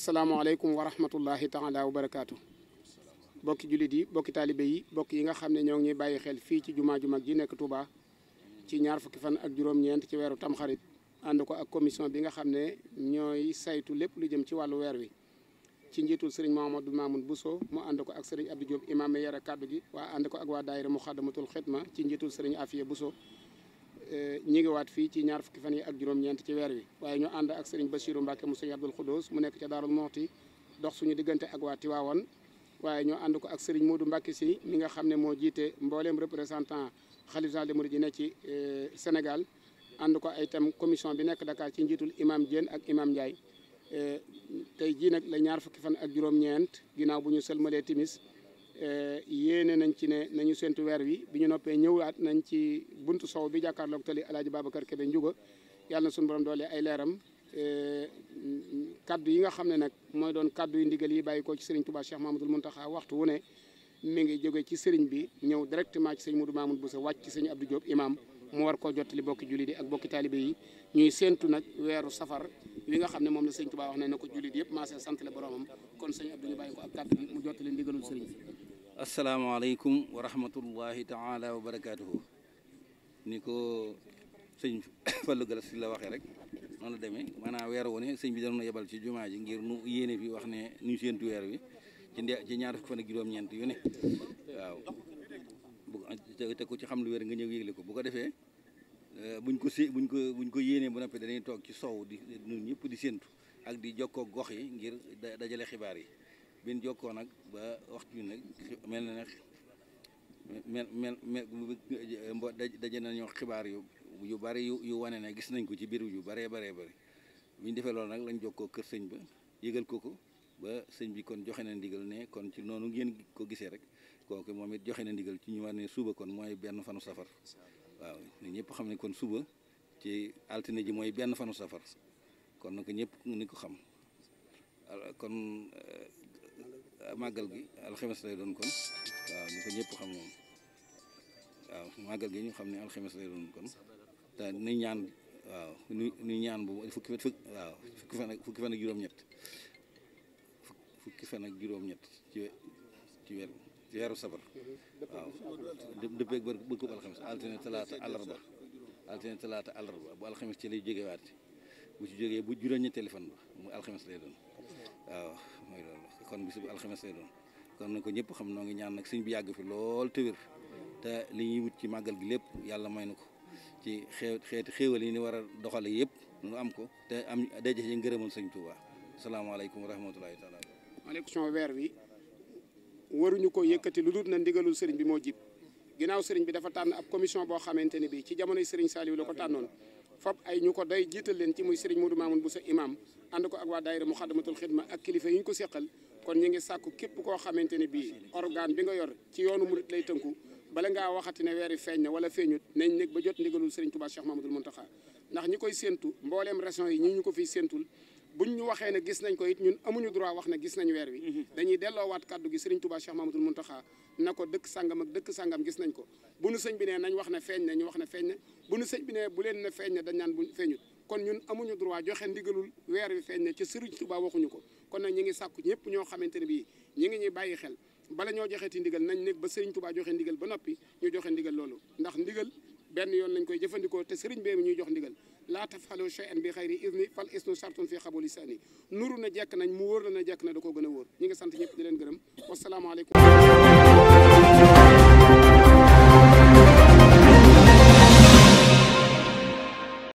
asalaamaaleykum wa rahmatullahi taala wa barakaatu bokki jullit yi bokki taalibe yi bokk yi nga xam ne ñoo ngi bàyyi xel fii ci jumaa ju mag ji nekk Touba ci ñaar fukki fan ak juróom-ñeent ci weeru tamxarit ànd ko ak commission bi nga xam ne ñooy saytu lépp lu jëm ci wàllu weer wi ci njiitul sëriñ Mouhamadou bu so mu ànd ko ak sëriñ Abdou Diop imaam yara kàddu gi waa ànd ko ak waa daayira Muxaddamatul Xidma ci njiitul sëriñ Afiya Bousso Eh, ñi ngi waat fii ci ñaar fukki fan yi ak juróom-ñeent ci weer wi waaye ñu ànd ak sëriñ Bachirou Mbacke mu sëriñ Abdoul Khoudous mu nekk ca Daarul Moxti dox suñu diggante ak waa Tiwaawoon waaye ñoo ànd ko ak sëriñ Modou Mbacke si mi nga xam ne moo jiite mbooleem représentant xalif général des mourides yi ne ci eh, Sénégal ànd ko ay tam commission bi nekk Dakar ci njiitul imam jeen ak imam Ndiaye eh, tey jii nag la ñaar fukki fan ak juróom-ñeent ginnaaw bu ñu sëlmalee timis Eh, yéene nañ ci ne nañu séntu weer wi bi ñu noppee ñëwaat nañ ci buntu sow bi jàkkaar jàkkaarloog tali El Hadj Babacar Kébé Ndiouga yàlla na sunu borom doole ay leeram eh, kaddu yi nga xam ne nag mooy doon kaddu yi ndigal yi bàyyi ko ci Serigne Touba Cheikh Mahamadoul taxa waxtu wu ne mi ngi jóge ci Serigne bi ñëw directement ci sëñ Moudou Mamoun Boussa wàcc ci sëñ Abdou Diop imam mu war koo jottali bokki jullit yi ak bokki taalibe yi ñuy séentu nag weeru safar wi nga xam ne moom la sëñ Touba ne na ko jullit yëpp maasee sant la boromam kon sëñ Abdou ñu bàyyi ko ak kaddu bi mu jottali asalaamaaleykum wa rahmatullahi taala wa barakaatuhu ni ko sëñ Fallou si la waxee rek noonu la demee maanaam weer wu ne sëñ bi doon yebal ci jumaa ji ngir nu yéene fi wax ne ñu séentu weer wi ci ndee ci ñaar fukki fan ak juróom-ñeent yu ne waaw te ko ci xam lu weer nga ñëw yégle ko bu ko defee euh, buñ ko sé buñ ko buñ ko yéenee bu noppee dañuy toog ci sow di ñun ñëpp di séentu ak di jokkoo gox yi ngir dajale xibaar yi bin jokkoo nag ba waxtu bi nag mel na nag mel mel mel mbo daje nañu xibaar yu yu bari yu yu wane ne gis nañ ko ci biir yu baree baree bari bi ñu defee loolu nag lañ jokkoo kër sëñ ba yëgal ko ko ba sëñ bi kon joxe na ndigal ne kon ci noonu ngeen ko gisee rek kooku moom it joxe na ndigal ci ñu war ne suba kon mooy benn fanu safar waaw ñëpp xam ne kon suba ci altine ji mooy benn fanu safar kon nag ñëpp ni ko xam kon. màggal gi alxemes lay doon kon waaw ñu ko ñëpp xam moom waaw màggal gi ñu xam ne alxemes lay doon kon te ñaan waaw nuy ñaan bu fukki fan fukki fan ak fukki fan ak juróom-ñett fukki fan ak juróom-ñett ci ci ci weeru sabar waaw dëppeeg bër bër kub alxemes altine talaata àllarba altine talaata àllarba bu alxemes ci lay jógewaat bu ci jógee bu juróom-ñetteeli fan ba mu alxemes lay doon waaw mooy loolu kon bis bu alxames lay doon kon na ko ñëpp xam noo ngi ñaan nag sëñ bi yàgg fi lool te wér te li ñuy wut ci màggal gi lépp yàlla may na ko ci xew xeeti xéewal yi ni war a doxale yëpp nu am ko te am dee ci ngërëmal sëñ Touba salaamaaleykum wa rahmatulahi taala aleykum weer wi waruñu ko yëkkati lu dul na ndigalul sëriñ bi moo jib ginnaaw sëriñ bi dafa tànn ab commission boo xamante ne bi ci jamonoy sëriñ saa Saliou la ko tànnoon fab ay ñu ko day jiital leen ci muy Serigne Modou Mamoun Bousso imam ànd ko ak waa daayira Muxaddamatul Xidma ak kilifa yi ñu ko seqal kon ñu ngi sàkku képp koo xamante ne bii organe bi nga yor ci yoonu murit lay tënku bala ngaa waxati ne weer yi feeñ na wala feeñut nañ nekk ba jot ndigalul Serigne Touba Cheikh Mamadou Mountakha ndax ñi koy séentu mbooleem région yi ñi ñu ko fiy séentul buñ ñu waxee ne gis nañ ko it ñun amuñu droit wax na gis nañ weer wi mm-hmm. dañuy delloowaat kàddu gi Serigne Touba Cheikh Mamadou Mountakha na ko dëkk sàngam ak dëkk sàngam gis nañ ko bu nu sëñ bi ne nañ wax ne feeñ na ñu wax ne feeñ na bu nu sëñ bi ne bu leen ne feeñ ne dañ naan bu feeñut kon ñun amuñu droit joxe ndigalul weer wi feeñ ne ci Serigne Touba waxuñu ko kon nag ñi ngi sàkku ñëpp ñoo xamante ne bii ñi ngi ñuy bàyyi xel bala ñoo joxeeti ndigal nañ nekk ba Serigne Touba joxe ndigal ba noppi ñu joxe ndigal loolu ndax ndigal benn yoon lañ koy jëfandikoo te Serigne bee mi ñuy jox ndigal laa tafxalu shay'an bi xayri idni fal isnu shartun fi xabuli saani nuru na jekk nañ mu wóor la na jekk na da gën a wóor ñi ngi sant ñëpp di leen gërëm wasalaamaaleykum